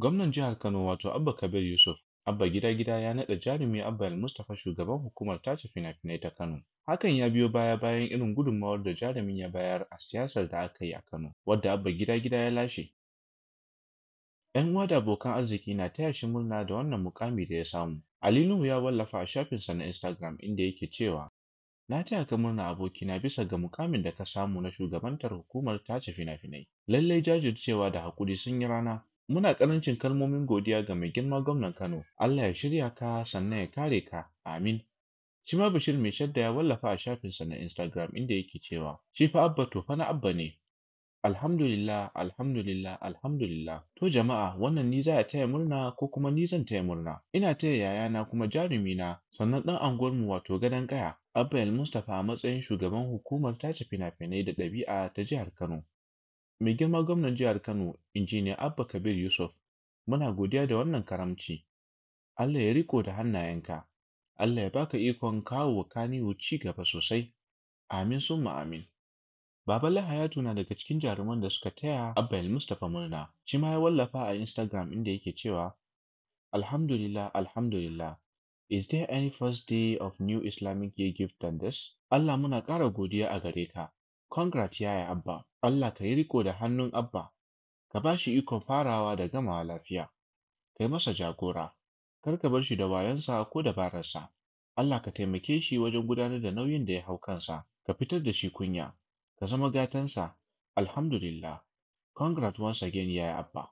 Gwamnan jihar Kano wato Abba Kabir Yusuf Abba gida gida ya naɗa jarumi Abba Al-Mustapha shugaban hukumar tace fina-finai ta Kano. Hakan ya biyo baya bayan irin gudunmawar da jarumin ya bayar a siyasar da aka yi a Kano, wadda Abba gida gida ya lashe. 'Yan uwa da abokan arziki na taya shi murna da wannan mukami da ya samu. Ali Nuhu ya wallafa a shafinsa na Instagram inda yake cewa Na taya ka murna abokina bisa ga mukamin da ka samu na shugabantar hukumar tace fina-finai. Lallai jajircewa da hakuri sun yi rana, Muna ƙarancin kalmomin godiya ga mai girma gwamnan Kano, Allah ya shirya ka sannan ya kare ka, amin. Shi ma Bashir mai shadda ya wallafa a shafinsa na Instagram inda yake cewa, shi fa abba to fa na abba ne. Alhamdulillah, alhamdulillah, alhamdulillah. To jama'a wannan ni za a taya murna ko kuma ni zan taya murna. Ina taya yayana kuma jarumi na. sannan ɗan anguwarmu wato gadon ƙaya. Abba El Mustapha a matsayin shugaban hukumar tace fina-finai da ɗabi'a ta jihar Kano. Mai girma gwamnan jihar Kano, Injiniya Abba Kabir Yusuf, muna godiya da wannan karamci. Allah ya riko da hannayenka. Allah ya baka ikon kawo wa Kaniwo ci gaba sosai. Amin sun amin. Baba Lahayatu na daga cikin jaruman da suka taya Abba El Mustapha murna. Shi ma ya wallafa a Instagram inda yake cewa Alhamdulillah, alhamdulillah. Is there any first day of new Islamic year gift than this? Allah muna ƙara godiya a gare ka. Congrats Yaya Abba, Allah ka yi riko da hannun Abba, ka ba shi ikon farawa da gamawa lafiya, ka yi masa jagora, kar ka bar shi da wayansa ko dabararsa. Allah ka taimake shi wajen gudanar da nauyin da ya hau kansa, ka fitar da shi kunya, ka zama gatansa, alhamdulillah. Congrats once again Yaya Abba.